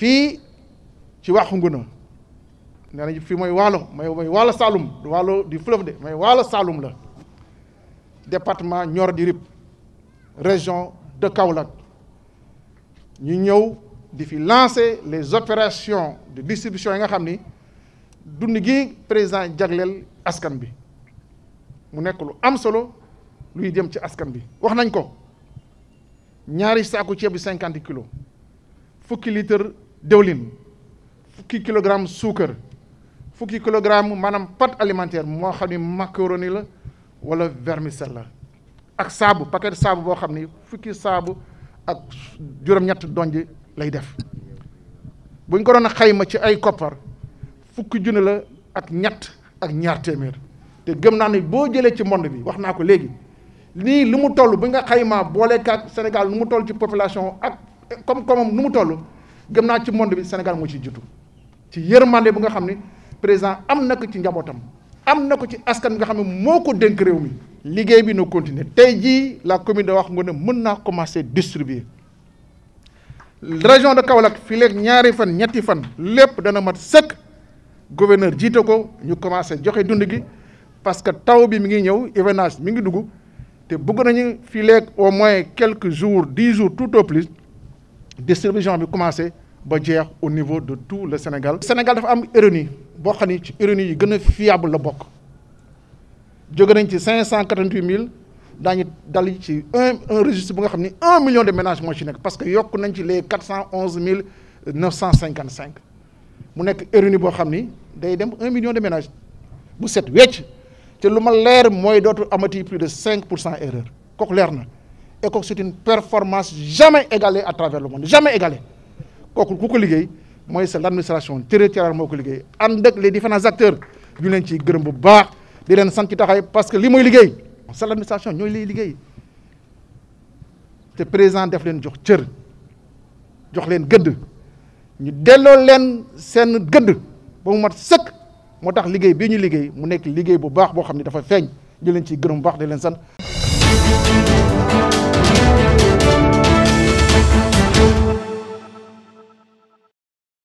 fii ci waxu nguna nee nañu fii mooy waalo mooy mooy waalo Saloum du waalo du fleuve de mooy waalo Saloum la département Nioro du Rip région de Kaolack ñu ñëw di fi lancer les opérations de distribution yi nga xam ni dund gi président jagleel askan bi mu nekk lu am solo luy dem ci askan bi wax nañ ko ñaari saaku ceeb bi cinquante kilo fukki litre dëwlin fukki kilogramme suukar fukki kilogramme maanaam pâte alimentaire moo xam ni macaroni la wala vermicelle la ak saabu paquet saabu boo xam ni fukki saabu ak juróom-ñett donj lay def buñ ko doon xayma ci ay koppar fukki junni la ak ñett ak ñaar téeméer te gëm naa ne boo jëlee ci monde bi wax naa ko léegi lii lu mu toll bi nga xaymaa booleekaat Sénégal nu mu toll ci population ak comme comme nu mu toll gëm naa ci monde bi Sénégal moo ciy jiitu ci yërmande bi nga xam ne président am na ko ci njabootam am na ko ci askan bi nga xam ne moo ko dénk réew mi liggéey bi na continuer tey jii la commune de wax nga ne mën naa commencer distribuer région de Kaolack fii léegi ñaari fan ñetti fan lépp dana mat sëkk gouverneur jiite ko ñu commencer joxe dund gi parce que taw bi mi ngi ñëw hivernage mi ngi dugg te bëgg nañu fii au moins quelques jours dix jours tout au plus distribution bi commencé ba jeex au niveau de tout le Sénégal. Sénégal dafa am RNU boo xam ni ci yi fiable la bokk jóge nañ ci cinq cent quatre ci un un registre bu nga xam un million de ménages moo ci nekk parce que yokk nañ ci les quatre cent onze mille neuf cent mu nekk day dem un million de ménages bu set wecc te lu ma leer mooy amati plus de 5% erreur kok leer na et kok c'est une performance jamais égalée à travers le monde jamais égalée kok ku ko liguey mooy sa l'administration territoriale moo ko liggéey ànd les différents acteurs ñu len ci gërëm bu baax di len sant taxay parce que li moy liguey sa l'administration ñoy lay liguey té président def len jox cër jox len gëdd ñu delloo len seen gëdd ba mu mat sëkk moo tax liggéey bi ñu liggéey mu nekk liggéey bu baax boo xam ne dafa feeñ ñu leen ciy gërëm bu baax di leen